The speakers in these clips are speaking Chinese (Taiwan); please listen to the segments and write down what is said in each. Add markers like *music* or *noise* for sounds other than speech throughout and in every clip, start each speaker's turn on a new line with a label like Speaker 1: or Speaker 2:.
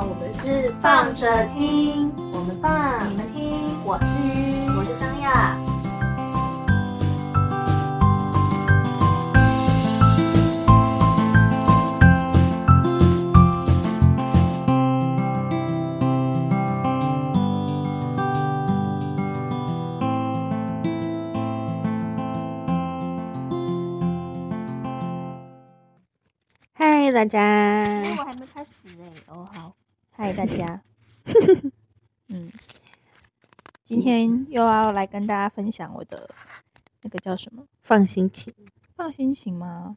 Speaker 1: 我們是放着聽，我們放，你們聽。我是我是張亞。嗨，大家！我
Speaker 2: 還沒開始哎、欸，哦好。嗨，大家， *laughs* 嗯，今天又要來跟大家分享我的那個叫什麼？放心情？放心情嗎？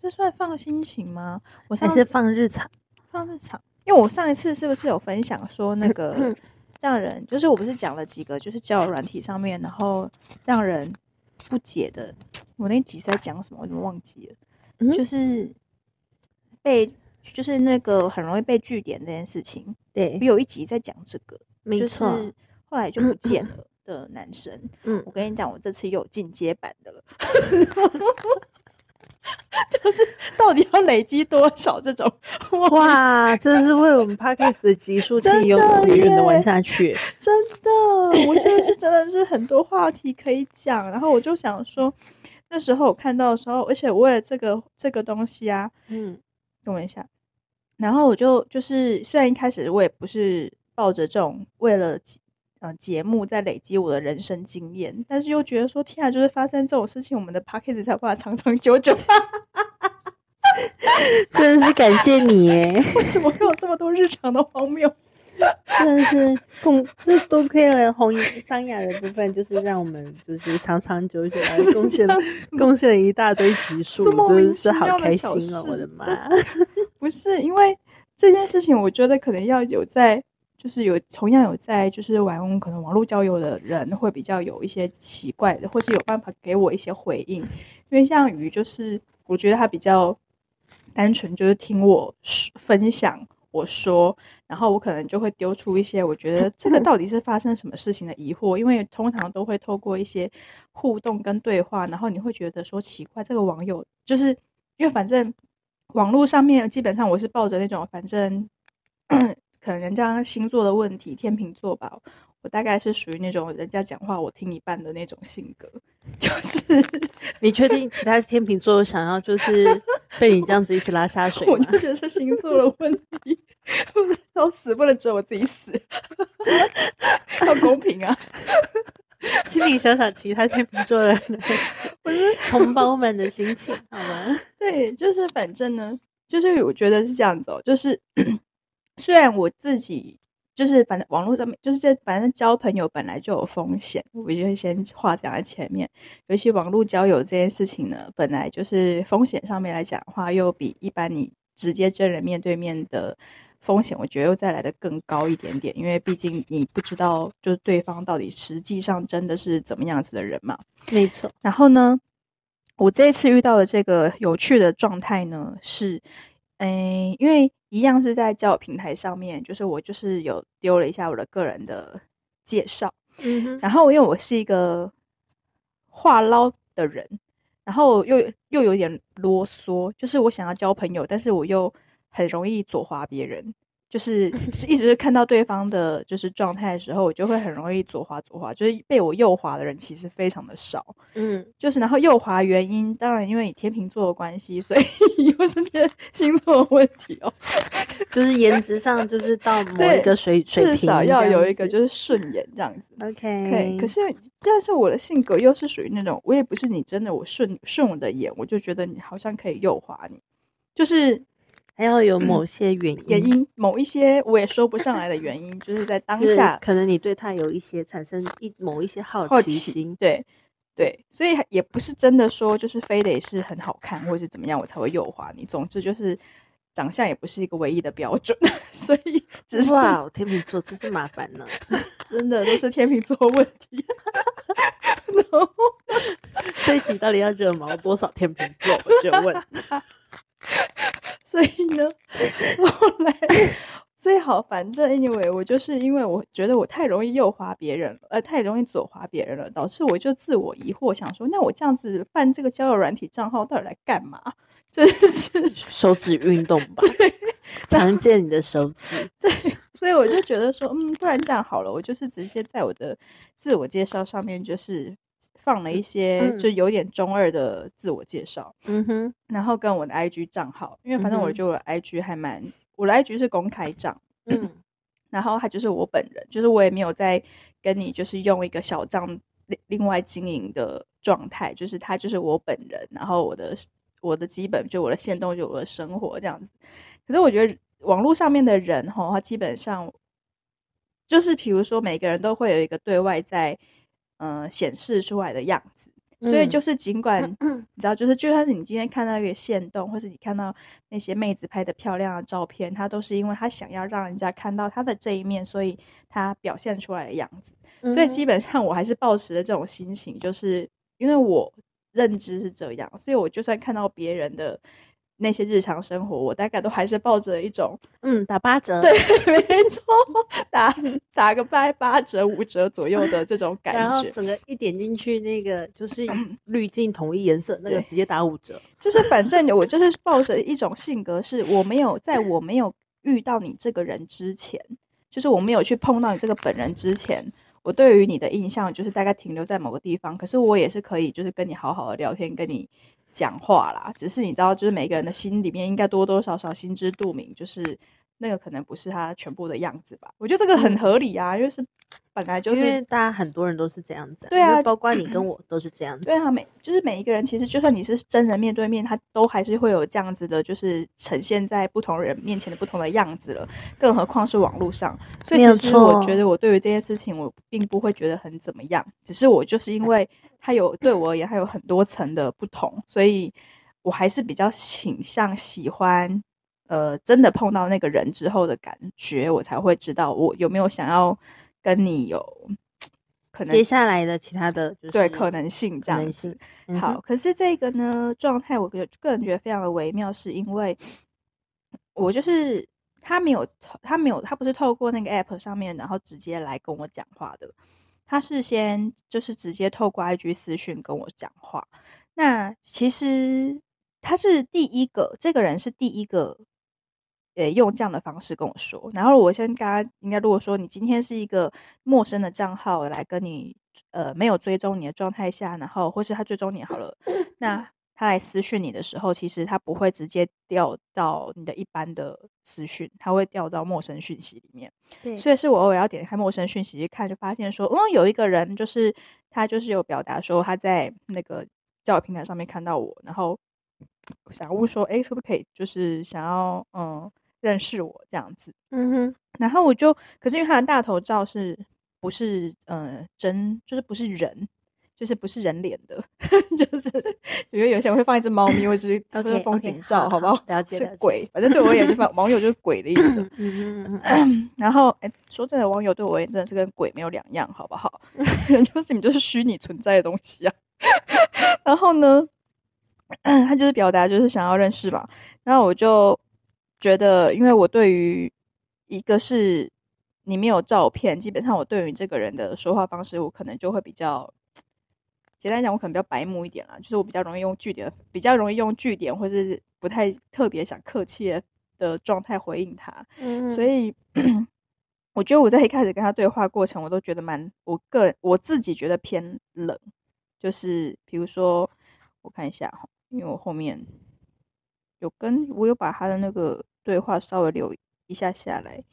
Speaker 2: 這算放心情嗎？還是我上次放日常，放日常。因為我上一次是不是有分享說那個讓人， *laughs* 就是我不是講了幾個就是交友軟體上面，然後讓人不解的，我那幾次在講什麼？我怎麼忘記了？嗯、就是被。就是那個很容易被句點那件事情，對，我有一集在講這個沒錯，就是後來就不見了的男生。嗯，我跟你講，我這次又有進階版的了，嗯、 *laughs* 就是到底要累積多少這種？
Speaker 1: 哇， *laughs* 這是為我們 podcast 的集數可以永遠的玩下去。真的，
Speaker 2: 真的 *laughs* 我現在是真的是很多話題可以講。然後我就想說，那時候我看到的時候，而且我為了這個這個東西啊，嗯。等我一下，然後我就就是，雖然一開始我也不是抱着這種為了嗯、呃、節目在累積我的人生經驗，但是又覺得說，天啊，就是發生這種事情，我們的 podcast 才會長長久久，啊，真的是感謝你誒！為什麼會有這麼多日常的荒謬？真 *laughs* 的是貢，這多虧
Speaker 1: 了紅衣桑雅的部分，就是讓我們就是長長久久來貢獻貢
Speaker 2: 獻了一大堆集數，真的，就是，是好開心哦。我的媽，不是因為這件事情，我覺得可能要有在，就是有同樣有在，就是玩可能網絡交友的人會比較有一些奇怪的，或是有辦法給我一些回應，因為像魚，就是我覺得他比較單純，就是聽我分享。我說，然後我可能就會丟出一些我覺得這個到底是發生什麼事情的疑惑， *laughs* 因為通常都會透過一些互動跟對話，然後你會覺得說奇怪，這個網友就是因為反正網絡上面基本上我是抱着那種反正可能人家星座的問題，天秤座吧，我大概是屬於那種人家講話我聽一半的那種性格，就是你確
Speaker 1: 定其他天秤座想要就是。 *laughs* 被你這樣子一起拉下水我，我
Speaker 2: 就覺得是星座的問題。要 *laughs* 死不能只有我自己死， *laughs* 好公平啊！ *laughs* 請你想想其他天秤座人的，不、就是同胞們的心情， *laughs* 好嗎？對，就是反正呢，就是我覺得是這樣子哦。就是 *coughs* 雖然我自己。就是反正網絡上面就是在反正交朋友本來就有風險，我就會先話講在前面。尤其網絡交友這件事情呢，本來就是風險上面來講的話，又比一般你直接真人面對面的風險，我覺得又再來的更高一點點，因為畢竟你不知道就是對方到底實際上真的是怎麼樣子的人嘛。沒錯。然後呢，我這次遇到的這個有趣的狀態呢，是，哎、欸，因為。一樣是在交友平台上面，就是我就是有丟了一下我的個人的介紹，嗯，然後因為我是一個話嘮的人，然後又又有點囉嗦，就是我想要交朋友，但是我又很容易左滑別人。就是，就是一直是看到對方的就是狀態的時候，我就會很容易左滑左滑。就是被我右滑的人其實非常的少，嗯，就是然後右滑原因，當然因為你天秤座的關係，所以 *laughs* 又是那些星座的問題哦、喔。就是顏值上就是到某一個水準，至少要有一個就是順眼這樣子。OK，可是但是我的性格又是屬於那種，我也不是你真的我順順我的眼，我就覺得你好像可以右滑你，就是。還要有某些原因，原、嗯、因某一些我也說不上來的原因， *laughs* 就是在當下，可能你對他有一些產生一某一些好奇心，奇對對，所以也不是真的說就是非得是很好看或者怎麼樣我才會誘惑你，總之就是長相也不是一個唯一的標準， *laughs* 所以哇，只是 Wow, 天秤座真是麻煩呢， *laughs* 真的都是天秤座的問題，然 *laughs* 後
Speaker 1: No. *laughs* 這一集到底要惹毛多少天秤座，我就問。
Speaker 2: *laughs* *laughs* 所以呢，後來最好反正 anyway，我就是因為我覺得我太容易右滑別人呃，太容易左滑別人了，導致我就自我疑惑，想說，那我這樣子辦這個交友軟體賬號到底來幹嘛？就是
Speaker 1: 手指運動吧，強健你的手指。對，
Speaker 2: 所以我就覺得說，嗯，不然這樣好了，我就是直接在我的自我介紹上面就是。放了一些、嗯、就有點中二的自我介紹，嗯哼，然後跟我的 IG 賬號，因為反正我就 IG 還蠻、嗯，我的 IG 是公開賬，嗯，然後他就是我本人，就是我也沒有在跟你就是用一個小賬另另外經營的狀態，就是他就是我本人，然後我的我的基本就我的限動就我的生活這樣子，可是我覺得網絡上面的人哈，他基本上就是比如說每個人都會有一個對外在。嗯、呃，顯示出來的樣子，所以就是儘管、嗯、你知道，就是就算是你今天看到一個限動，或是你看到那些妹子拍的漂亮的照片，她都是因為她想要讓人家看到她的這一面，所以她表現出來的樣子。所以基本上我還是保持着這種心情，就是因為我認知是這樣，所以我就算看到別人的。那些日常生活，我大概都還是抱着一種，嗯，打八折，對，沒錯，打打個八八折、五折
Speaker 1: 左右的這種感覺。整個一點進去，那個就是濾鏡同一顏色、嗯，那個直接打五折。就
Speaker 2: 是反正我就是抱着一種性格，是我沒有在我沒有遇到你這個人之前，就是我沒有去碰到你這個本人之前，我對於你的印象就是大概停留在某個地方。可是我也是可以，就是跟你好好的聊天，跟你。講話啦，只是你知道，就是每個人的心裡面應該多多少少心知肚明，就是那個可能不是他全部的樣子吧。我覺得這個很合理啊，就是本來就是大家很多人都是這樣子，啊，對啊，包括你跟我都是這樣子。嗯、對啊，每就是每一個人，其實就算你是真人面對面，他都還是會有這樣子的，就是呈現在不同人面前的不同的樣子了。更何況是網絡上，所以其實我覺得我對於這件事情，我並不會覺得很怎麼樣，只是我就是因為、嗯。他有，對我而言，還有很多層的不同，所以我還是比較傾向喜歡，呃，真的碰到那個人之後的感覺，我才會知道我有沒有想要跟你有可能接下來的其他的、就是、對可能性這樣子、嗯。好，可是這個呢，狀態，我個個人覺得非常的微妙，是因為我就是他沒有他沒有他不是透過那個 app 上面，然後直接來跟我講話的。他事先就是直接透過 IG 私訊跟我講話，那其實他是第一個，這個人是第一個，呃，用這樣的方式跟我說。然後我先跟他應該，如果說你今天是一個陌生的賬號來跟你，呃，沒有追蹤你的狀態下，然後，或是他追蹤你好了，那。他來私訊你的時候，其實他不會直接掉到你的一般的私訊，他會掉到陌生訊息裡面。對，所以是我偶爾要點開陌生訊息去看，就發現說，哦、嗯，有一個人，就是他，就是有表達說他在那個教育平台上面看到我，然後想要問說，哎，可不可以就是想要嗯認識我這樣子？嗯哼。然後我就，可是因為他的大頭照是不是嗯真，就是不是人？就是不是人臉的， *laughs* 就是因為有些人會放一隻貓咪， *laughs* 或者是風景照 okay, okay, 好好，好不好？了解。是鬼，了解，反正對我而言就放，網 *laughs* 友就是鬼的意思。嗯 *laughs* *laughs* *laughs* 然後、欸、說真的，網友對我而言真的是跟鬼沒有兩樣，好不好？ *laughs* 就是你們就是虛擬存在的東西啊。 *laughs* 然後呢，他就是表達就是想要認識嘛。然後我就覺得，因為我對於一個是你沒有照片，基本上我對於這個人的說話方式，我可能就會比較。簡單講，我可能比較白目一點啦，就是我比較容易用句點，比較容易用句點，或是，不太特別想客氣的狀態回應他。嗯，所以 *coughs* 我覺得我在一開始跟他對話過程，我都覺得蠻，我個人我自己覺得偏冷，就是比如說我看一下哈，因為我後面有跟我有把他的那個對話稍微留一下下來，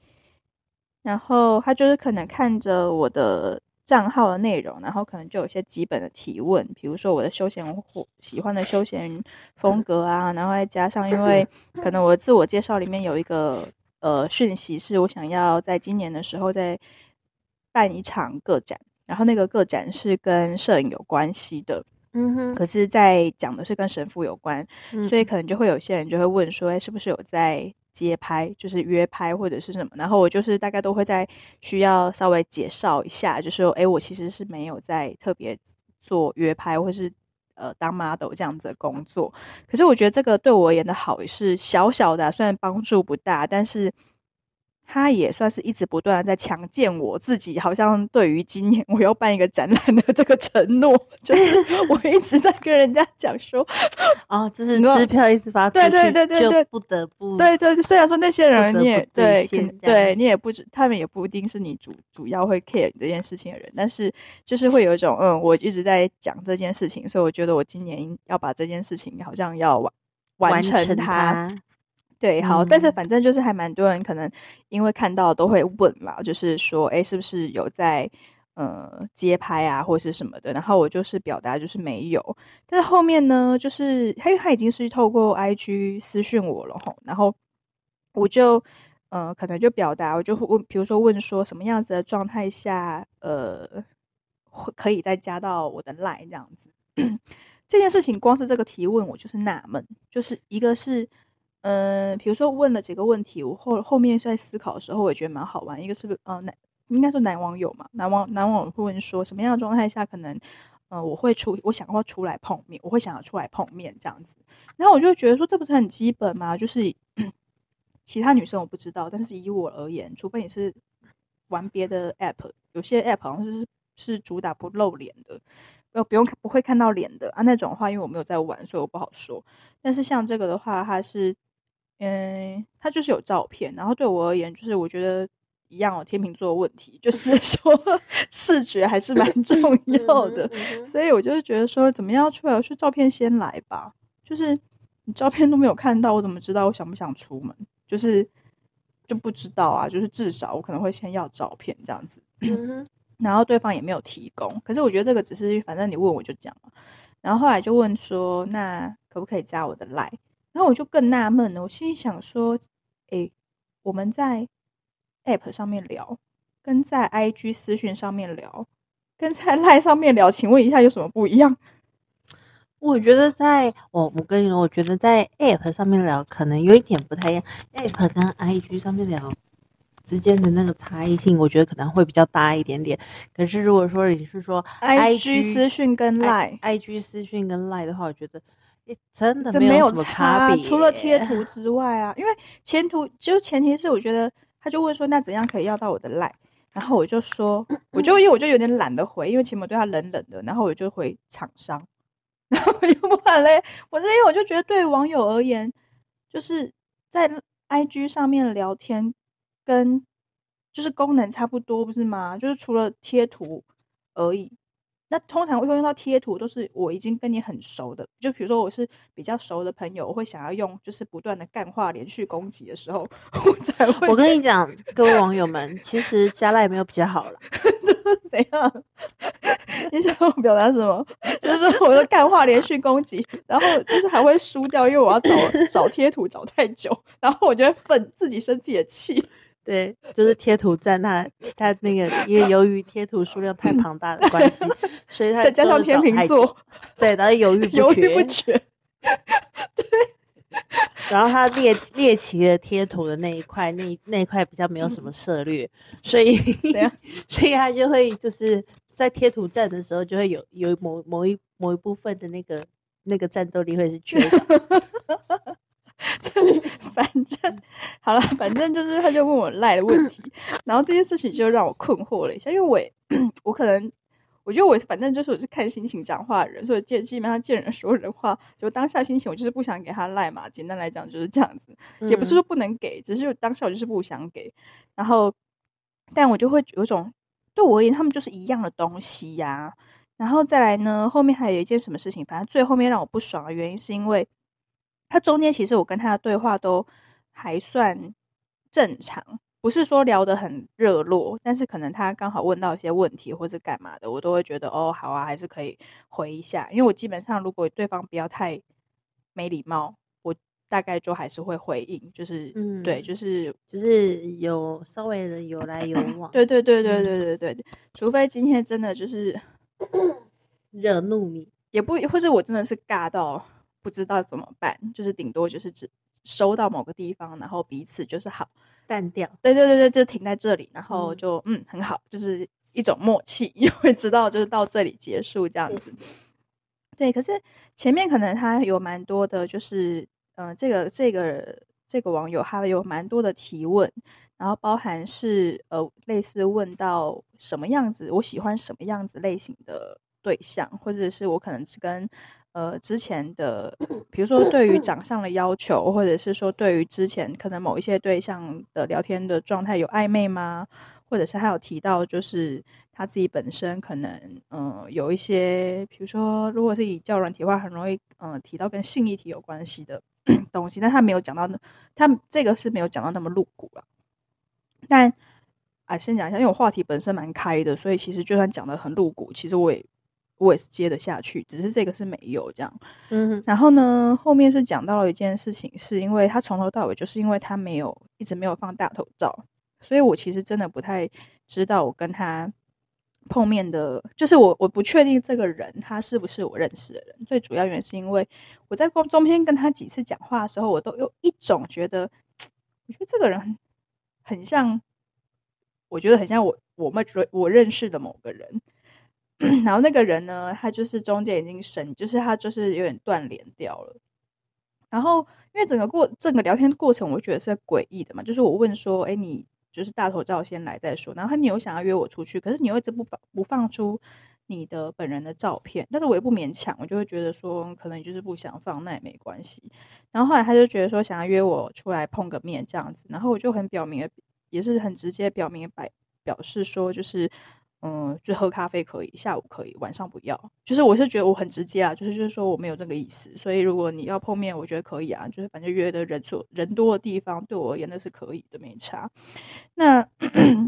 Speaker 2: 然後他就是可能看着我的，賬號的內容，然後可能就有些基本的提問，比如說我的休閒或喜歡的休閒風格啊，然後再加上，因為可能我的自我介紹裡面有一個呃訊息，是我想要在今年的時候再辦一場個展，然後那個個展是跟攝影有關係的，嗯
Speaker 1: 哼，可
Speaker 2: 是在講的是跟神父有關，所以可能就會有些人就會問說，哎，是不是有在？街拍、就是約拍或者是什麼，然後我就是大概都會在需要稍微介紹一下，就是說，誒、欸，我其實是沒有在特別做約拍或是呃當 model 這樣子的工作，可是我覺得這個對我而言的好是小小的、啊，雖然幫助不大，但是。他也算是一直不斷在強健我自己，好像對於今年我要辦一個展覽的這個承諾， *laughs* 就是我一直在跟人家講說， *laughs* 哦，就是支票一直發出去對對對，對，對就不
Speaker 1: 得不對對，
Speaker 2: 對，對，對對。雖然說那些人你也，不不你也對，對你也不，他們也不一定是你主主要會 care 這件事情的人，但是就是會有一種嗯，我一直在講這件事情，所以我覺得我今年要把這件事情好像要完完成它。對，好，但是反正就是還蠻多人可能因為看到都會問嘛，就是說，哎，是不是有在呃街拍啊，或是什麼的？然後我就是表達就是沒有，但是後面呢，就是他因為他已經是透過 IG 私訊我了吼，然後我就呃可能就表達，我就問，比如說問說什麼樣子的狀態下，呃，可以再加到我的 line 這樣子。 *coughs* 這件事情光是這個提問，我就是納悶，就是一個是。嗯，比如說問了幾個問題，我後後面在思考的時候，我也覺得蠻好玩。一個是，嗯、呃，男應該是男網友嘛，男網男網友會問說，什麼樣的狀態下可能，呃，我會出，我想過出來碰面，我會想要出來碰面這樣子。然後我就覺得說，這不是很基本嗎？就是其他女生我不知道，但是以我而言，除非你是玩別的 app，有些 app 好像是是主打不露臉的，呃，不用不會看到臉的啊那種話，因為我沒有在玩，所以我不好說。但是像這個的話，它是。嗯，他就是有照片，然後對我而言，就是我覺得一樣哦、喔。天秤座的問題就是說， *laughs* 視覺還是蠻重要的、 *laughs* 嗯嗯，所以我就是覺得說，怎麼樣出來，說照片先來吧。就是你照片都沒有看到，我怎麼知道我想不想出門？就是就不知道啊。就是至少我可能會先要照片這樣子， *coughs* 然後對方也沒有提供。可是我覺得這個只是，反正你問我就講了。然後後來就問說，那可不可以加我的 Line？那我就更納悶了，我心裡想說，誒、欸，我們在 App 上面聊，跟在 IG 私訊上面聊，跟在 Line 上面聊，請問一下有什麼不一樣？我覺得在，
Speaker 1: 我我跟你說，我覺得在 App 上面聊，可能有一點不太一樣。App 跟 IG 上面聊之間的那個差異性，我覺得可能會比較大一點點。可是如果說你是說 IG, IG 私訊
Speaker 2: 跟 Line，IG
Speaker 1: 私訊跟 Line 的話，我覺得。欸、真的沒有差別、欸啊，除了貼
Speaker 2: 圖之外啊，因為前途，就前提是我覺得他就問說那怎樣可以要到我的賴，然後我就說 *laughs* 我就因為我就有點懶得回，因為前面對他冷冷的，然後我就回廠商，然後我就不怕嘞，我是因為我就覺得對網友而言，就是在 IG 上面聊天跟就是功能差不多不是嗎？就是除了貼圖而已。那通常會用到貼圖，都是我已經跟你很熟的，就比如說我是比較熟的朋友，我會想要用就是不斷的幹話連續攻擊的時候，我
Speaker 1: 才會。我跟你講， *laughs* 各位網友們，其實加賴也沒有比較好了，怎 *laughs*
Speaker 2: 樣？你想要表達什麼？就是我的幹話連續攻擊，然後就是還會輸掉，因為我要找找貼圖找太久，然後我就會憤自己生自己的氣。
Speaker 1: 對，就是貼圖戰，他他那個，因為由於貼圖數量太龐大的關係， *laughs* 所以他再加上天秤座，對，然後猶豫不決，猶豫不決，對，然後他獵獵奇的貼圖的那一塊，那那一塊比較沒有什麼策略、嗯，所以 *laughs* 所以他就會就是在貼圖戰的時候，就會有有某某一某一部分的那個那個戰鬥力
Speaker 2: 會是缺的。 *laughs* 這 *laughs* 裡反正好了，反正就是他就問我賴的問題， *coughs* 然後這件事情就讓我困惑了一下，因為我我可能我覺得我反正就是我是看心情講話人，所以見基本上見人說人話，就當下心情我就是不想給他賴嘛，簡單來講就是這樣子，也不是說不能給，只是當下我就是不想給，然後但我就會有種對我而言他們就是一樣的東西呀、啊，然後再來呢，後面還有一件什麼事情，反正最後面讓我不爽的原因是因為。他中間其實我跟他的對話都還算正常，不是說聊得很熱絡，但是可能他剛好問到一些問題或是幹嘛的，我都會覺得哦，好啊，還是可以回一下。因為我基本上如果對方不要太沒禮貌，我大概就還是會回應，就是嗯，對，就是就是有稍微的有來有往。咳咳對對對對對對對，嗯，除非今天真的就是咳咳惹怒你，也不會，或者我真的是尬到。不知道怎麼辦，就是頂多就是只收到某個地方，然後彼此就是好淡掉。對對對對，就停在這裡，然後就嗯，嗯，很好，就是一種默契，因為知道就是到這裡結束這樣子謝謝。對，可是前面可能他有蠻多的，就是嗯、呃，這個這個這個網友他有蠻多的提問，然後包含是呃類似問到什麼樣子，我喜歡什麼樣子類型的對象，或者是我可能只跟。呃，之前的，比如說對於長相的要求，或者是說對於之前可能某一些對象的聊天的狀態有曖昧嗎？或者是他有提到，就是他自己本身可能，嗯、呃，有一些，比如說，如果是以交友軟體的話，很容易，嗯、呃，提到跟性議題有關係的 *coughs* 東西，但他沒有講到那，他這個是沒有講到那麼露骨了。但啊、呃，先講一下，因為我話題本身蠻開的，所以其實就算講得很露骨，其實我也。我也是接得下去，只是這個是沒有這樣。嗯哼，然後呢，後面是講到了一件事情，是因為他從頭到尾就是因為他沒有一直沒有放大頭照，所以我其實真的不太知道我跟他碰面的，就是我我不確定這個人他是不是我認識的人。最主要原因是因為我在過中間跟他幾次講話的時候，我都有一種覺得，我覺得這個人很像，我覺得很像我我們我認識的某個人。然後那個人呢，他就是中間已經神，就是他就是有點斷聯掉了。然後因為整個過整個聊天的過程，我覺得是詭異的嘛。就是我問說，哎，你就是大頭照先來再說。然後他你又想要約我出去，可是你又一直不不放出你的本人的照片，但是我又不勉強，我就會覺得說，可能你就是不想放，那也沒關係。然後後來他就覺得說，想要約我出來碰個面這樣子。然後我就很表明也是很直接表明表表示說，就是。嗯，就喝咖啡可以，下午可以，晚上不要。就是我是覺得我很直接啊，就是就是說我沒有那個意思。所以如果你要碰面，我覺得可以啊。就是反正約的人多人多的地方，對我而言那是可以的，沒差。那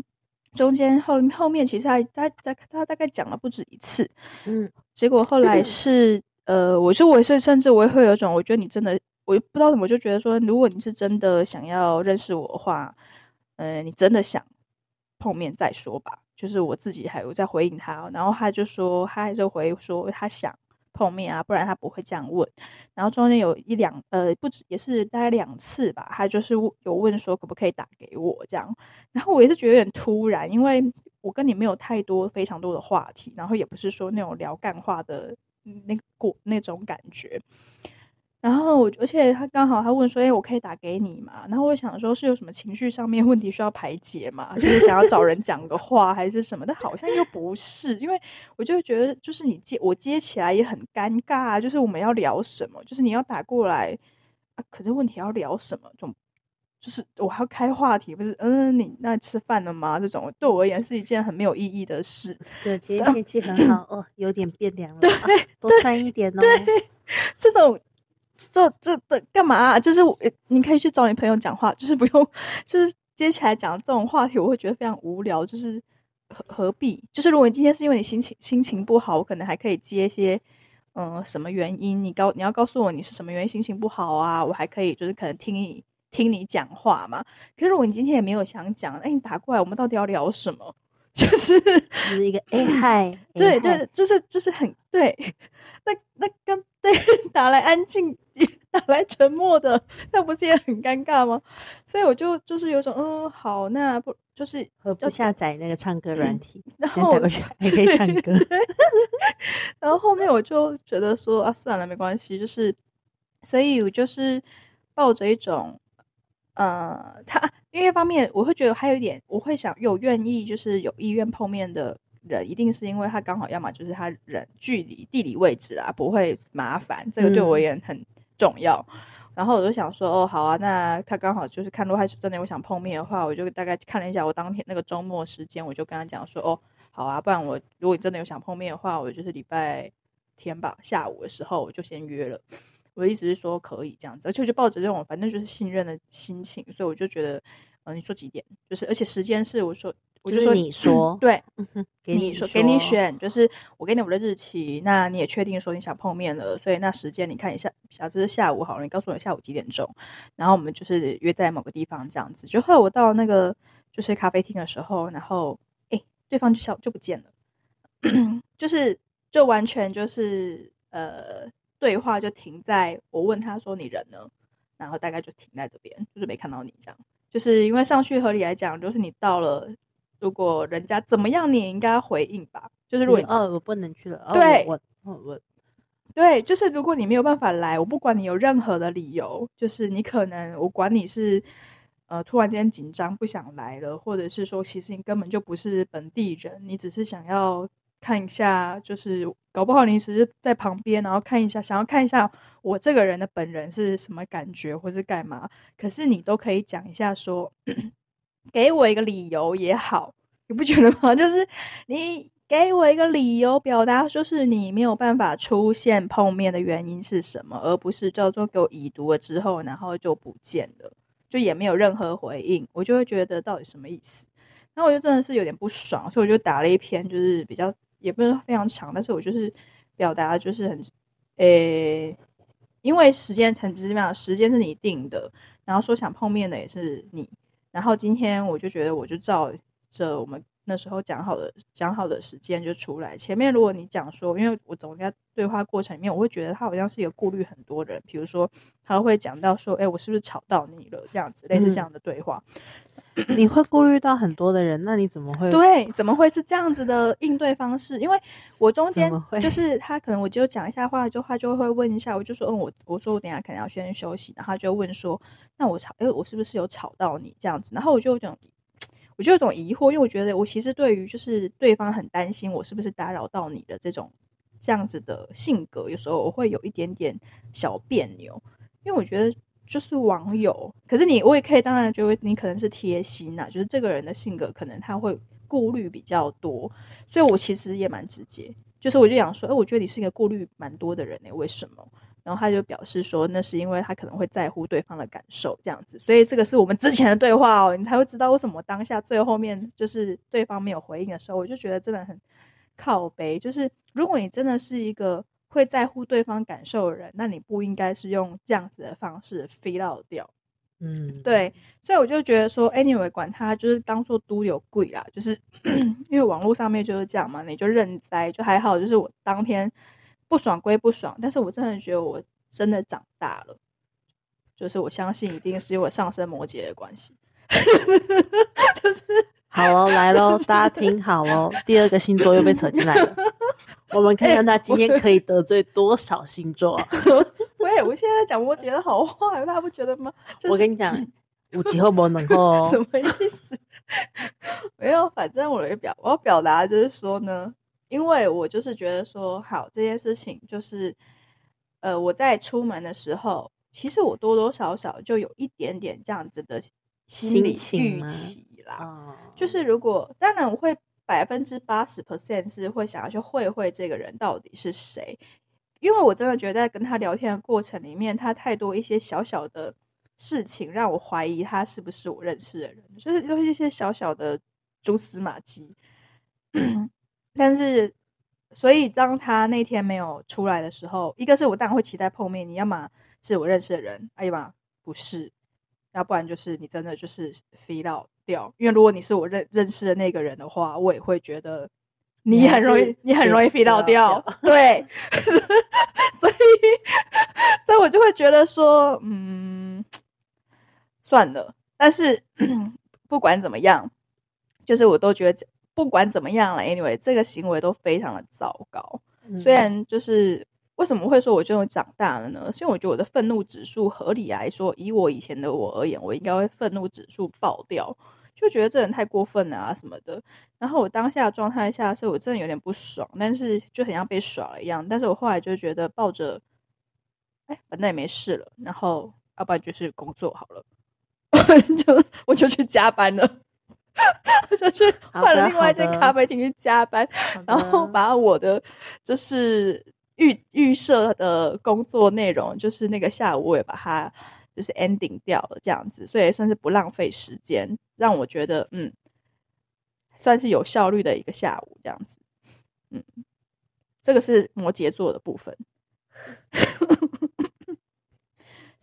Speaker 2: *coughs* 中間後後面其實還他他大,大,大,大概講了不止一次。嗯，結果後來是呃，我就我是甚至我也會有一種我覺得你真的，我也不知道怎麼就覺得說，如果你是真的想要認識我的話，呃，你真的想碰面再說吧。就是我自己還有在回應他哦，然後他就說，他還是回說他想碰面啊，不然他不會這樣問。然後中間有一兩呃，不止也是大概兩次吧，他就是有問說可不可以打給我這樣。然後我也是覺得有點突然，因為我跟你沒有太多非常多的話題，然後也不是說那種聊幹話的那過那種感覺。然後我，而且他剛好他問說：“誒、欸，我可以打給你嘛？”然後我想說，是有什麼情緒上面問題需要排解嘛？就是想要找人講個話還是什麼？ *laughs* 但好像又不是，因為我就會覺得，就是你接我接起來也很尷尬、啊。就是我們要聊什麼？就是你要打過來，啊、可是問題要聊什麼？總就是我還要開話題，不是？嗯，你那吃飯了嗎？這種對我而言是一件很沒有意義的事。對，今天天氣很好 *coughs* 哦，有點變涼了，對、對、啊，多穿一點哦。對，對這種。這這這幹嘛、啊？就是、欸、你可以去找你朋友講話，就是不用，就是接起來講這種話題，我會覺得非常無聊。就是何、何必？就是如果你今天是因為你心情心情不好，我可能還可以接一些，嗯、呃，什麼原因？你告你要告訴我你是什麼原因心情不好啊？我還可以就是可能聽你聽你講話嘛。可是如果你今天也沒有想講，哎、欸，你打過來，我們到底要聊什麼？就是、就是一個 a、欸、嗨，嗯欸、對對、欸，就是、就是、就是很對。那那跟對打來安靜，打來沉默的，那不是也很尷尬嗎？所以我就就是有種，嗯、哦，好，那不就是，就不下
Speaker 1: 載那個唱歌軟體，嗯、
Speaker 2: 然後我
Speaker 1: 還可以唱歌。
Speaker 2: *laughs* 然後後面我就覺得說啊，算了，沒關係，就是，所以我就是抱着一種，呃，他音樂方面，我會覺得還有一點，我會想有願意，就是有意願碰面的。人一定是因為他剛好，要麼就是他人距離地理位置啊不會麻煩，這個對我也很重要。嗯。然後我就想說，哦，好啊，那他剛好就是看如果他真的有想碰面的話，我就大概看了一下我當天那個周末時間，我就跟他講說，哦，好啊，不然我如果你真的有想碰面的話，我就是禮拜天吧，下午的時候我就先約了。我一直是說可以這樣子，而且就抱着這種反正就是信任的心情，所以我就覺得，嗯，你說幾點？就是而且時間是我說。我就,說就是你說、
Speaker 1: 嗯、對給你說，你說給你選，
Speaker 2: 就是我給你我的日期，那你也確定說你想碰面了，所以那時間你看一下，假設下午好了，你告訴我下午幾點鐘，然後我們就是約在某個地方這樣子。就後來我到那個就是咖啡廳的時候，然後哎、欸，對方就消就不見了， *laughs* 就是就完全就是呃，對話就停在我問他說你人呢，然後大概就停在這邊，就是沒看到你這樣，就是因為上去合理來講，就是你到了。如果人家怎麼樣，你也應該回應吧。就是如果你呃、哦，我不能去了。對，哦、我我，我對，就是如果你沒有辦法來，我不管你有任何的理由，就是你可能我管你是呃突然間緊張不想來了，或者是說其實你根本就不是本地人，你只是想要看一下，就是搞不好你只是在旁邊然後看一下，想要看一下我這個人的本人是什麼感覺，或是幹嘛，可是你都可以講一下說。 *coughs* 給我一個理由也好，你不覺得嗎？就是你給我一個理由，表達就是你沒有辦法出現碰面的原因是什麼，而不是叫做給我已讀了之後，然後就不見了，就也沒有任何回應，我就會覺得到底什麼意思？然後我就真的是有點不爽，所以我就打了一篇，就是比較也不是非常長，但是我就是表達就是很，呃、欸，因為時間、成本是這樣，時間是你定的，然後說想碰面的也是你。然後今天我就覺得，我就照着我們。那時候講好的講好的時間就出來。前面如果你講說，因為我總在對話過程裡面，我會覺得他好像是有顧慮很多人。比如說，他會講到說：“哎、欸，我是不是吵到你了？”這樣子、嗯，類似這樣的對話，你會顧慮到很多的人。那你怎麼會？對，怎麼會是這樣子的應對方式？因為我中間就是他可能我就講一下話，就他就會問一下，我就說：“嗯，我，我說我等下可能要先休息。”然後他就問說：“那我吵，哎、欸，我是不是有吵到你？”這樣子，然後我就講。我就有種疑惑，因為我覺得我其實對於就是對方很擔心我是不是打擾到你的這種這樣子的性格，有時候我會有一點點小彆扭，因為我覺得就是網友，可是你我也可以當然覺得你可能是貼心啊，就是這個人的性格可能他會顧慮比較多，所以我其實也蠻直接，就是我就想說，哎，我覺得你是一個顧慮蠻多的人欸，為什麼？然後他就表示說，那是因為他可能會在乎對方的感受這樣子，所以這個是我們之前的對話哦，你才會知道為什麼當下最後面就是對方沒有回應的時候，我就覺得真的很靠北。就是如果你真的是一個會在乎對方感受的人，那你不應該是用這樣子的方式飛到掉，嗯，對。所以我就覺得說，Anyway，管他就是當做督丟鬼啦，就是 *coughs* 因為網絡上面就是這樣嘛，你就認栽，就還好。就是我當天。不爽歸不爽，但是我真的覺得我真的長大了，就是我相信一定是因為上升摩羯的關係。 *laughs* 就
Speaker 1: 是、 *laughs* 就是、好哦，來嘍、就是，大家聽好哦。第二個星座又被扯進來了， *laughs* 我們看看他今天可以得罪多少星座、啊。
Speaker 2: *laughs* *laughs* 喂，我現在在講摩羯的好話， *laughs* 大家不覺得嗎？就是、我跟你講，
Speaker 1: 五 *laughs* 級後不能夠什麼
Speaker 2: 意思？沒有，反正我來表，我要表達就是說呢。因為我就是覺得說，好這件事情就是，呃，我在出門的時候，其實我多多少少就有一點點這樣子的心理預期啦。Oh. 就是如果當然我會百分之八十 percent 是會想要去會會這個人到底是誰，因為我真的覺得在跟他聊天的過程裡面，他太多一些小小的事情讓我懷疑他是不是我認識的人，就是都是一些小小的蛛絲馬跡。 *laughs* 但是，所以當他那天沒有出來的時候，一個是我當然會期待碰面。你要麼是我認識的人，哎呀媽，不是；要不然就是你真的就是飛老掉。因為如果你是我認認識的那個人的話，我也會覺得你，你很容易，你很容易飛老掉，掉，掉。對， *laughs* *laughs* 所以，所以我就會覺得說，嗯，算了。但是 *coughs* 不管怎麼樣，就是我都覺得。不管怎麼樣了，anyway，這個行為都非常的糟糕。嗯、雖然就是為什麼會說我就長大了呢？所以我覺得我的憤怒指數合理來說，以我以前的我而言，我應該會憤怒指數爆掉，就覺得這人太過分了啊什麼的。然後我當下狀態下是我真的有點不爽，但是就很像被耍了一樣。但是我後來就覺得抱着，哎、欸，反正也沒事了。然後要不然就是工作好了， *laughs* 就我就去加班了。 *laughs* 就是換了另外一間咖啡廳去加班，然後把我的就是預預設的工作內容，就是那個下午我也把它就是 ending 掉了，這樣子，所以算是不浪費時間，讓我覺得嗯，算是有效率的一個下午，這樣子，嗯，這個是摩羯座的部分。 *laughs*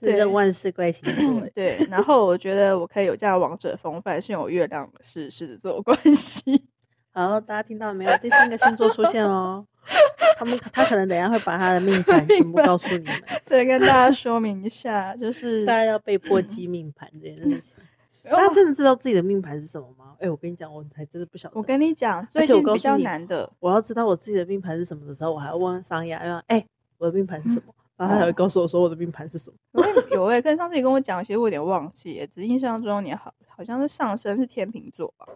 Speaker 2: 對這萬事貴心對， *laughs* 對，然後我覺得我可以有這樣王者風範，是有月亮的事是獅子座關係。 *laughs* 好，大家聽到沒有？第三個星座出現哦。
Speaker 1: *laughs* 他們他可能等一下會把他的命盤全部告訴你們。
Speaker 2: 再 *laughs* 跟大家說明一下，就是大家要被迫記
Speaker 1: 命盤這件事情。大家真的知道自己的命盤是什麼嗎？哎、欸，我跟你講，我還真的不曉得。我
Speaker 2: 跟你講，最近比較難的，
Speaker 1: 我要知道我自己的命盤是什麼的時候，我還要問商雅，說：“哎、欸，我的命盤是什麼？” *laughs* 然後他還會告訴我說，我的命盤
Speaker 2: 是什麼？ *laughs* 有誒、欸，跟上次你跟我講一些，其實我有點忘記，只是印象中你好好像是上升是天秤座吧？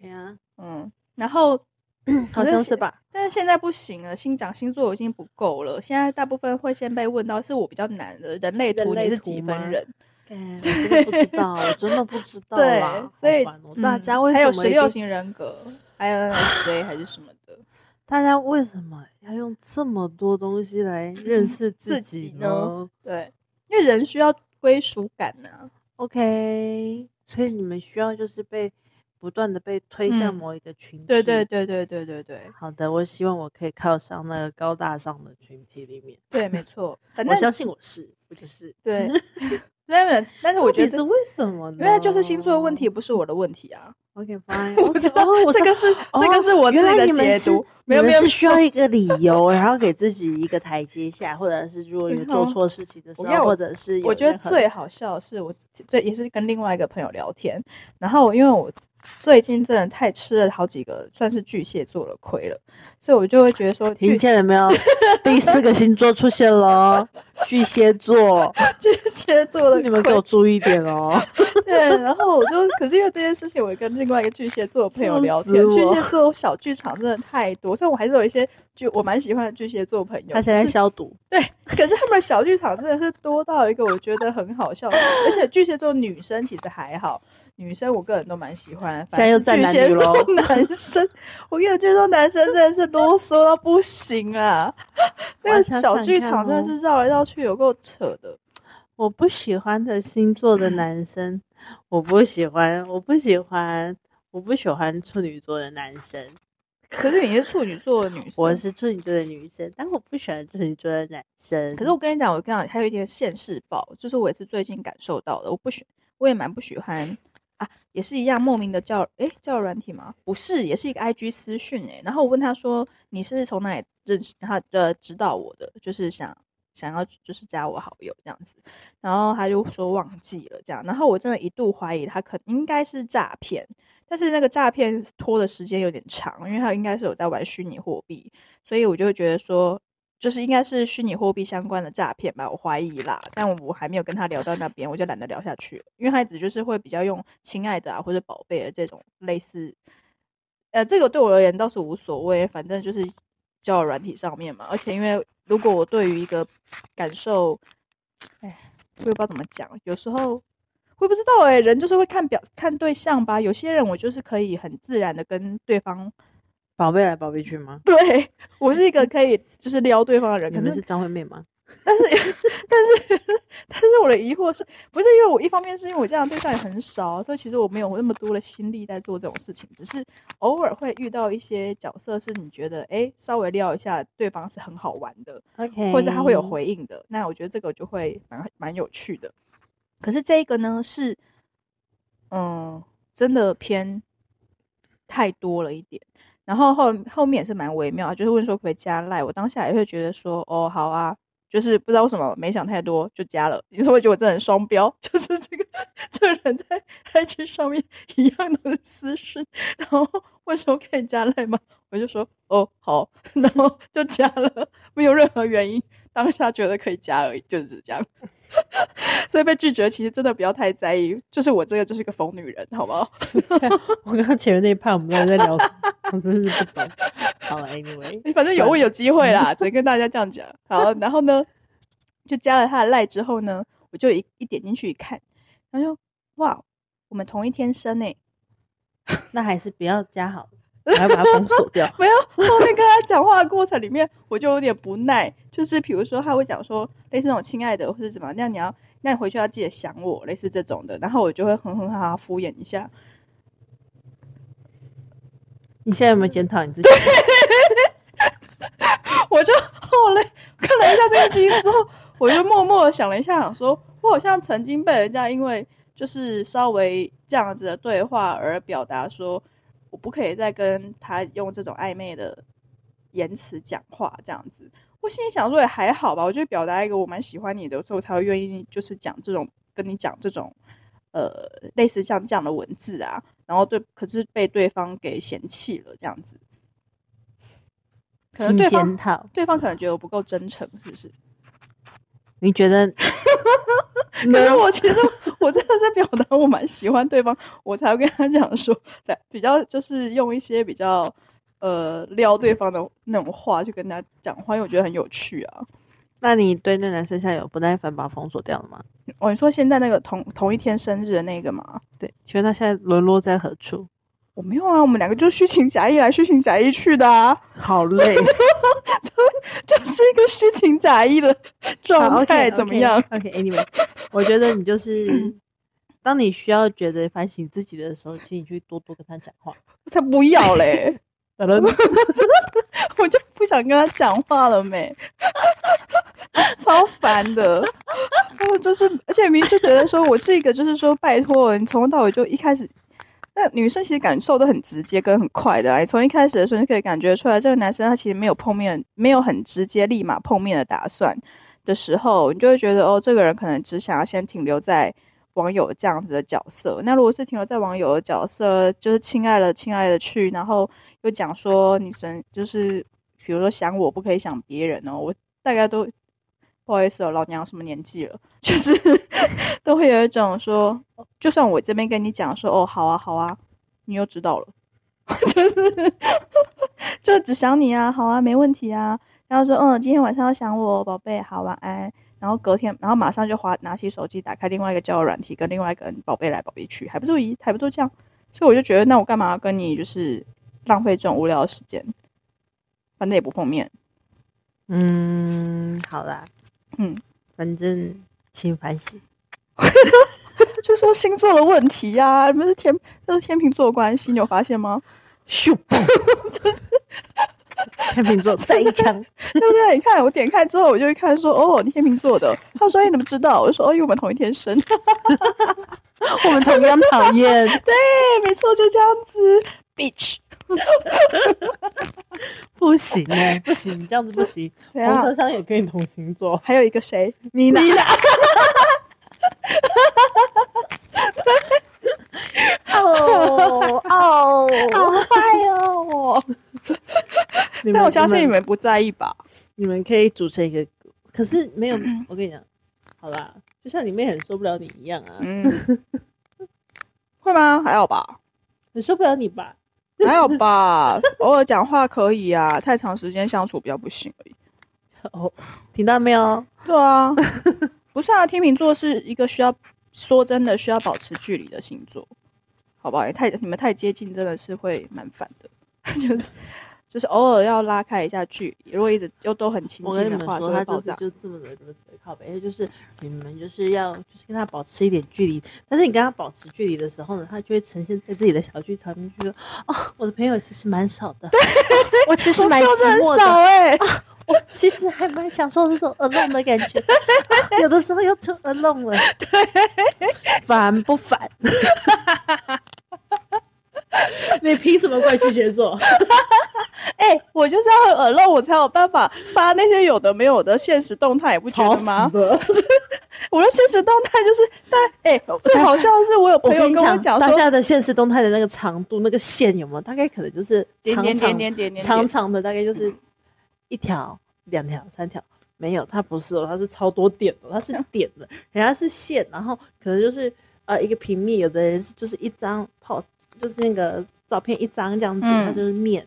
Speaker 2: 對啊，嗯，然後、嗯、好像是吧，但是現在不行了，新講星座已經不夠了，現在大部分會先被問到是我比較難的，人類圖你是幾分人？不知道，我真的不知道，不知道 *laughs* 對。所以大家為什麼還有十六型人格？I N F J 還是什麼的？大家
Speaker 1: 為什麼要用這麼多東西來認識自己呢？己呢？對，因為人需要歸屬感呢、啊。OK，所以你們需要就是被。不斷的被推向某一個群體，嗯、對，對對對對對對對。好的，我希望我可以靠上那個高大上的群體裡面。對，沒錯。我相信我是，我就是。對，
Speaker 2: 所 *laughs* 以，但是我覺得，是為什麼呢？因為就是星座的問題，不是我的問題啊。Okay, fine, *laughs* 我知道，哦，我知道，這個是、哦，這個是我自己的解讀，原來你們是沒有沒有，你們是需
Speaker 1: 要一個理由， *laughs* 然後給自己一個台階下，或者是如果有做錯事情的時候，我我或者是我覺得最好
Speaker 2: 笑的是，我，我，我，是我這也是跟另外一個朋友聊天，然後因為我。最近真的太吃了好幾個算是巨蟹座的虧了，所以我就會覺得說，聽見
Speaker 1: 了沒有？ *laughs* 第四個星座出現了， *laughs* 巨蟹座
Speaker 2: 做，巨蟹座的，你們給我注意點哦。 *laughs* 對，然後我就，可是因為這件事情，我跟另外一個巨蟹座朋友聊天，巨蟹座小劇場真的太多，雖然我還是有一些就我蠻喜歡的巨蟹座朋友，他現在消毒。對，可是他們的小劇場真的是多到一個我覺得很好笑， *laughs* 而且巨蟹座女生其實還好。女生，我個人都蠻喜歡。反正又在巨蟹座男生， *laughs* *laughs* 我跟你講，覺得說男生真的是囉嗦到不行啊！
Speaker 1: *laughs* 那個小劇場真的是
Speaker 2: 繞來繞去，有夠扯的。在在
Speaker 1: *laughs* 我不喜歡的星座的男生，嗯，我不喜歡，我不喜歡，我不喜歡處女座的男生。 *laughs* 可是你是處女座的女生，我是
Speaker 2: 處女座的女生，但我不喜歡處女座的男生。可是我跟你講，我跟你講，還有一點現世報，就是我也是最近感受到的。我不喜，我也蠻不喜歡。啊，也是一樣，莫名的叫，誒、欸，叫軟體嗎？不是，也是一個 IG 私訊，哎，然後我問他說，你是從哪裡認識他的，知道我的，就是想想要就是加我好友這樣子，然後他就說忘記了這樣，然後我真的一度懷疑他可能應該是詐騙，但是那個詐騙拖的時間有點長，因為他應該是有在玩虛擬貨幣，所以我就覺得說。就是應該是虛擬貨幣相關的詐騙吧，我懷疑啦。但我還沒有跟他聊到那邊，我就懶得聊下去，因為孩子就是會比較用親愛的啊或者寶貝的這種類似。呃，這個對我而言倒是無所謂，反正就是交友軟體上面嘛。而且因為如果我對於一個感受，哎，我也不知道怎麼講，有時候會不知道哎、欸，人就是會看表看對象吧。有些人我就是可以很自然的跟對方。
Speaker 1: 寶貝來，寶貝去嗎？
Speaker 2: 對我是一個可以就是撩對方的人。嗯、可能是張惠妹嗎？但是，但是，但是，我的疑惑是不是因為我一方面是因為我這樣對象也很少，所以其實我沒有那麼多的心力在做這種事情，只是偶爾會遇到一些角色，是你覺得哎、欸，稍微撩一下對方是很好玩的，OK，或者他會有回應的。那我覺得這個就會蠻蠻有趣的。可是這個呢，是嗯，真的偏太多了一點。然後後後面也是蠻微妙啊，就是問說可不可以加賴，我當下也會覺得說哦好啊，就是不知道為什麼沒想太多就加了。你是不是覺得我這人雙標？就是這個這個人在 i g 上面一樣的姿勢，然後為什麼可以加賴嘛？我就說哦好，然後就加了，沒有任何原因，當下覺得可以加而已，就是這樣。 *laughs* 所以被拒絕其實真的不要太在意，就是我這個就是個瘋女人，好不好？
Speaker 1: 我剛剛前面那一趴，我們都在聊。 *laughs* *laughs* 真是不懂。好，oh，Anyway，
Speaker 2: 反正有我有機會啦， *laughs* 只能跟大家這樣講。好，然後呢，就加了他的賴之後呢，我就一一點進去一看，他說：“哇，我們同一天生呢。欸，那還是不要加好， *laughs* 我還要把它封鎖掉。 *laughs* 沒有，後面跟他講話的過程裡面，我就有點不耐，就是比如說他會講說類似那種“親愛的”或者怎麼樣，那你要，那你回去要記得想我，類似這種的，然後我就會狠狠好敷衍一下。
Speaker 1: 你現在有沒有檢討你自己？
Speaker 2: *laughs* 我就後來看了一下這個機子之後，我就默默的想了一下，想說我好像曾經被人家因為就是稍微這樣子的對話而表達說我不可以再跟他用這種曖昧的言辭講話這樣子。我心裡想說也還好吧，我就表達一個我蠻喜歡你的，所以我才會願意就是講這種跟你講這種。呃，類似像這樣的文字啊，然後對，可是被對方給嫌棄了，這樣子，
Speaker 1: 可能對方
Speaker 2: 對方可能覺得我不夠真誠，是不是？
Speaker 1: 你覺得？
Speaker 2: *laughs* 可是我其實我真的在表達我蠻喜歡對方，我才會跟他講說，來比較就是用一些比較呃撩對方的那種話去跟他講話，因為我覺得很有趣啊。
Speaker 1: 那你對那男生現在有不耐煩，把他封鎖掉了嗎？
Speaker 2: 我說現在那個同同一天生日的那個嗎？對，
Speaker 1: 請問他現在淪落在
Speaker 2: 何處？我沒有啊，我們兩個就是虛情假意來，虛情假意去的，啊，好累，就 *laughs* 就是一個虛情假意的狀態，okay, okay, 怎麼樣
Speaker 1: ？OK，Anyway，okay, okay, *laughs* 我覺得你就是當你需要覺得反省自己的時候，請你去多多跟他講話。
Speaker 2: 我才不要嘞！ *laughs* 真的，我就不想跟他講話了，沒， *laughs* 超煩的。 *laughs* 我 *laughs* 就是，而且明明就覺得說，我是一個，就是說，拜託，你從頭到尾就一開始，那女生其實感受都很直接跟很快的啦。你從一開始的時候就可以感覺出來，這個男生他其實沒有碰面，沒有很直接立馬碰面的打算的時候，你就會覺得哦，這個人可能只想要先停留在網友這樣子的角色。那如果是停留在網友的角色，就是親愛的，親愛的去，然後。就講說，你生就是，比如說想我不可以想別人哦、喔，我大概都不好意思哦、喔，老娘什麼年紀了，就是都會有一種說，就算我這邊跟你講說，哦，好啊，好啊，你又知道了，就是就只想你啊，好啊，沒問題啊，然後說，嗯，今天晚上要想我，寶貝，好，晚安。然後隔天，然後馬上就滑拿起手機，打開另外一個交友軟體，跟另外一個人寶貝來寶貝去，還不就一，還不，還不就這樣。所以我就覺得，那我幹嘛要跟你就是浪費這種無聊的時間，反正也不碰面。
Speaker 1: 嗯，好啦，嗯，反正請反省。
Speaker 2: *laughs* 就說星座的問題呀、啊， *laughs* 不是天，就是天秤座的關係，你有發現嗎？咻、 *laughs* 就是，天秤座 *laughs* 再一張 *laughs* 對不對？你看我點開之後，我就會看說，哦，天秤座的。他說你怎麼知道？我說哦，因為我們同一天生。我們同樣討厭。 *laughs* 對，沒錯，就這樣子，bitch。哈哈哈哈哈！不行哎耶，
Speaker 1: *laughs* 不行，你這樣子不行。黃丞
Speaker 2: 相也跟你同星座。還有一個誰？ *laughs* 你呢哪？哈
Speaker 1: 哈哈哈哈哈！哦哦，好壞哦！哈哈哈哈
Speaker 2: 哈！但我相信你們
Speaker 1: 不在意吧？你們，你們，你們可以組成一個 group。可是沒有，嗯、我跟你講，好吧，就像你妹很受不了你一樣啊。嗯
Speaker 2: *laughs* *laughs* *laughs* 會嗎？還好吧，很受不了你吧？ *laughs* 還有吧，偶爾講話可以啊，太長時間相處比較不行而已。哦，聽到沒有？對啊， *laughs* 不是啊，天秤座是一個需要說真的需要保持距離的星座，好不好？也太你們太接近真的是會蠻煩的， *laughs* 就是。就是偶爾要拉開一下距離，如果一直又都很親近的話，我跟你們說，他就是就
Speaker 1: 這麼的這麼，這麼靠北，就是你們就是要就是跟他保持一點距離，但是你跟他保持距離的時候呢，他就會呈現在自己的小劇場裡面去說：「哦，我的朋友其實蠻少的。哦，我其實蠻寂寞的。哎、欸哦，我其實還蠻享受這種 alone 的感覺， *laughs* 哦、有的時候又出 alone 了， *laughs* 對，煩不煩？ *laughs*
Speaker 2: *laughs* 你憑什麼怪巨蟹座？哎、 *laughs* 欸，我就是要很耳漏，我才有辦法發那些有的沒有的限時動態，也不覺得嗎？的 *laughs* 我說限時動態就是，但哎、欸，最好笑的是，我有朋友跟我講說我，大家
Speaker 1: 的限時動態的那個長度，那個線有沒有？大概可能就是長長點，點，點，點點點點點，長長的大概就是一條、兩、嗯、條、三條。沒有，它不是哦，它是超多點哦，它是點的，人家是線，然後可能就是呃一個平面，有的人是就是一張 pose。就是那個照片一張這樣子，嗯，它就是面；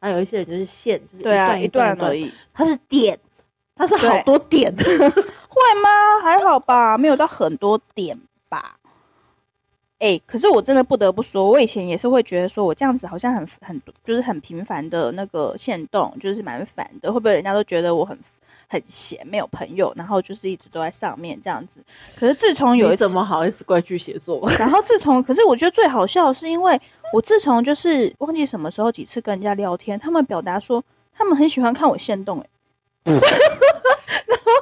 Speaker 1: 然後有一
Speaker 2: 些人就是線，
Speaker 1: 就是一段，一
Speaker 2: 段，一，段，對啊，一段而已。它是點，它是好多點， *laughs* 會嗎？還好吧，沒有到很多點吧。哎，欸，可是我真的不得不說，我以前也是會覺得說，我這樣子好像很很就是很頻繁的那個線動，就是蠻煩的，會不會人家都覺得我很？很閒，沒有朋友，然後就是一直都在上面這樣子。可是自從有一次，怎麼
Speaker 1: 好意思怪巨蟹座？
Speaker 2: 然後自從，可是我覺得最好笑的是，因為我自從就是忘記什麼時候幾次跟人家聊天，他們表達說他們很喜歡看我限動。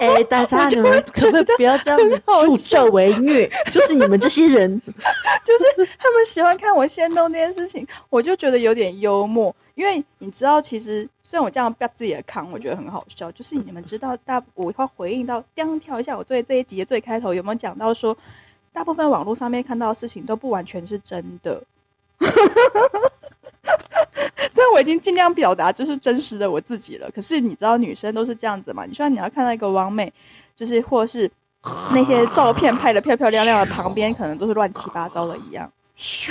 Speaker 2: 哎、 *laughs* 欸，大家，大家 *laughs* 你們可不可以不要這樣子助紂為虐？ *laughs* *laughs* *laughs* 就是你們這些人，就是他們喜歡看我限動這件事情，我就覺得有點幽默，因為你知道，其實。雖然我這樣把自己的扛我覺得很好笑。就是你們知道大，我會回應到，跳一下。我最這一集的最開頭有沒有講到說，大部分網絡上面看到的事情都不完全是真的。 *laughs* 雖然我已經儘量表達就是真實的我自己了，可是你知道女生都是這樣子嘛。你說你要看到一個網美，就是或是那些照片拍得漂漂亮亮的，旁邊可能都是亂七八糟的一樣。 *laughs*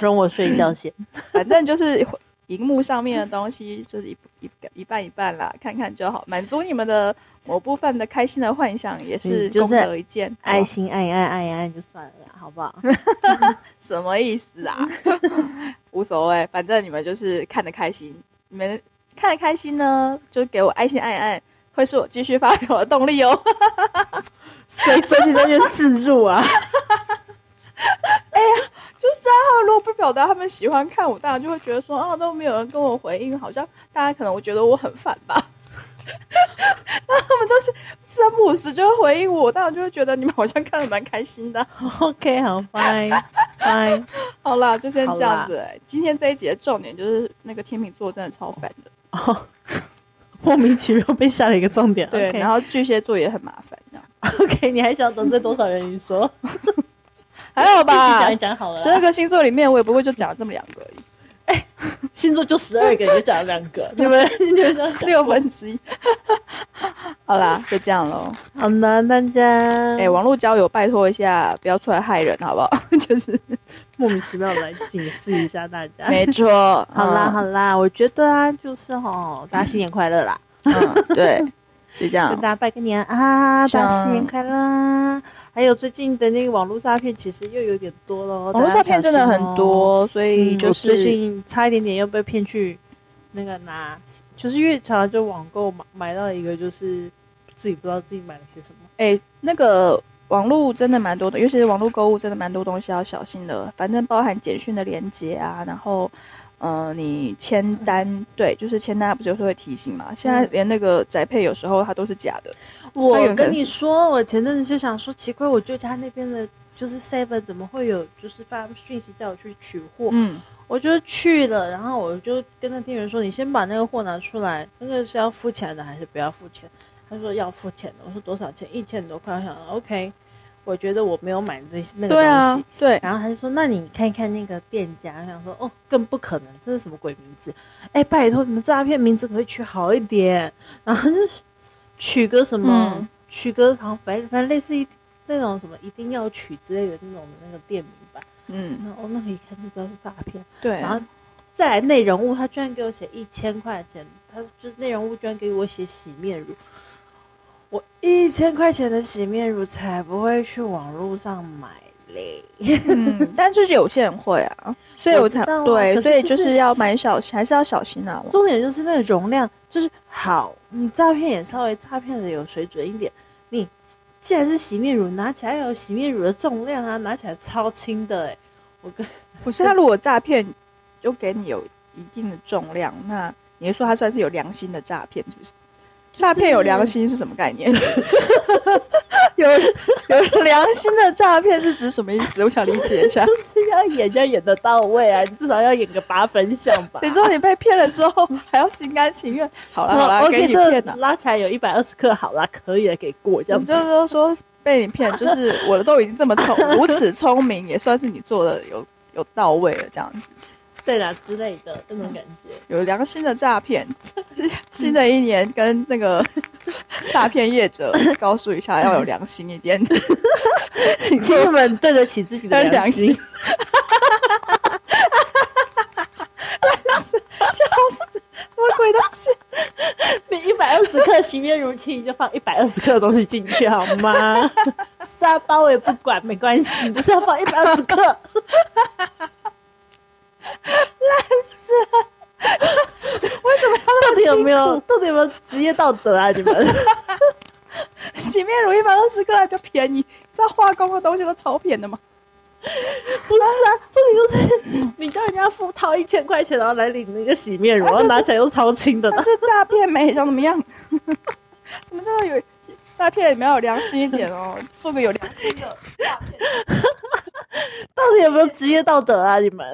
Speaker 1: 容 *laughs* 我睡覺先 *laughs* ，
Speaker 2: 反正就是熒幕上面的東西，就是一一個一,一半一半啦，看看就好，滿足你們的某部分的開心的幻想也是功德一件。愛心按一按，按一按就算了，好不好？ *laughs* *laughs* 什麼意思啊？ *laughs* 無所謂，反正你們就是看得開心，你們看得開心呢，就給我愛心按一按，會是我繼續發表的動力哦、喔。所以整體都是自助啊。 *laughs* *laughs* 哎呀，就是啊！如果不表達他們喜歡看我，大家就會覺得說啊，都沒有人跟我回應，好像大家可能會覺得我很煩吧。那 *laughs* 他們就是三不五時就會回應我，大家就會覺得你們好像看得蠻開心的。OK，好，拜拜，好啦，就先這樣子、欸。今天這一集的重點就是那個天秤座真的超煩的
Speaker 1: ，oh, 莫名其妙被下了一個重點。Okay. 對，然後
Speaker 2: 巨蟹座也很麻煩。OK，你還想得罪多少人？你說。 *laughs* 還好吧，十二個星座裡面，我也不會就講了這麼兩個而已。哎、
Speaker 1: 欸， *laughs* 星座就十二
Speaker 2: 個， *laughs* 就講了兩個，你們對？ *laughs* *laughs* 六分之一。 *laughs* 好啦，就這樣嘍。好啦，大家。哎、欸，網絡交友拜托一下，不要出來害人好不好？
Speaker 1: *laughs* 就是莫名其妙來警示一下大家。沒錯、嗯。好啦好啦，我覺得啊，就是吼、哦，大家新年快樂啦。嗯， *laughs* 對。就這樣跟大家拜個
Speaker 2: 年啊！大家新年快
Speaker 1: 樂！還有最近的那個網絡詐騙，其實又有點多了。網絡詐騙真的很多，喔、所以就是最近、嗯就是、差一點點又被騙去。那個拿，就是因為常常就網購買買到一個，就是自己不知道自己買了些什麼。
Speaker 2: 哎、欸，那個網絡真的蠻多的，尤其是網絡購物，真的蠻多東西要小心的。反正包含簡訊的連結啊，然後。呃，你簽單對，就是簽單，不就是會提醒嗎、嗯？現在連那個宅配有時候它都是假的。我跟你
Speaker 1: 說，嗯、我前陣子就想說奇怪，我舅家那邊的就是 seven 怎麼會有就是發訊息叫我去取貨？嗯，我就去了，然後我就跟那店員說：“你先把那個貨拿出來，那個是要付錢的還是不要付錢？”他說要付錢的。我說多少錢？一千多塊。我想，OK。我覺得我沒有買那些那個東西對。啊，對，然後他就說，那你看一看那個店家，想說，哦，更不可能，這是什麼鬼名字？哎、欸，拜託，你們詐騙名字可以取好一點。然後就是取個什麼，嗯、取個旁白，反正類似於那種什麼，一定要取之類的那種那個店名吧。嗯，然後那裡、個，一看就知道是詐騙。對，然後再來內容物，他居然給我寫一千塊錢，他就是內容物居然給我寫洗面乳。我一千塊錢的洗面乳才不會去網絡上買
Speaker 2: 嘞、嗯，但就是有些人會啊，
Speaker 1: 所以我才我、啊、對是、就是，所以就是要
Speaker 2: 買小還是要小心啊。重
Speaker 1: 點就是那個容量，就是好，你詐騙也稍微詐騙的有水準一點。你既然是洗面乳，拿起來有洗面乳的重量啊，拿起來超輕的哎，我
Speaker 2: 跟可是他如果詐騙，就給你有一定的重量，那你就說他算是有良心的詐騙，是不是？
Speaker 1: 詐騙有良心是什
Speaker 2: 麼概念？ *laughs* 有有良心的詐騙是指什麼意思？我想理
Speaker 1: 解一下。就是就是要演就要演得到位啊！你至少要演個八分像吧？你說你被騙了
Speaker 2: 之後還要心甘情願？好啦，好，好啦，我、okay, 給你騙
Speaker 1: 了，拉起來有一百二十克，好啦，可以
Speaker 2: 給過。這樣子就是說被你騙，就是我的都已經這麼聰如此聰明，也算是你做的有有到位了這樣子。對啦，之類的那種感覺。有良心的詐騙。新的一年跟那個詐騙業者，告訴一下要有良心一點， *laughs* 請你們對得起自己的良心。良心, *laughs* *laughs* *laughs* *laughs* 笑
Speaker 1: 死！什麼鬼東西？ *laughs* 你一百二十克洗面乳，期你就放一百二十克的東西進去好嗎？沙 *laughs* 包我也不管， *laughs* 沒關係，就是要放一百二十克。 *laughs* 爛 *laughs* 死了！ *laughs* 為什麼，那麼？到底有沒有？到底有沒有職業道德啊？你們 *laughs*
Speaker 2: *laughs* 洗面乳一百二十克還比較便宜，這化工的東西都超便宜的嗎？不是啊，重 *laughs* 點就是你叫人家付掏一千塊錢，然後來領一個洗面乳，啊就是、然後拿起來又超輕的，這 *laughs* 是詐騙沒？想怎麼樣？ *laughs* 什麼叫有？詐騙你們要有良心一點哦，做個有良心的詐騙，
Speaker 1: *laughs* 到底有沒有職業道德啊？你們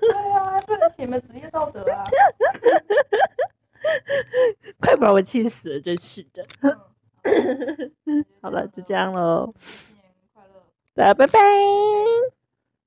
Speaker 2: 對啊，對得起你們職業道德
Speaker 1: 啊？ *laughs* *laughs* *laughs* 快把我氣死了，真是的。好了， *laughs* 就這樣嘍。新年快樂，拜拜。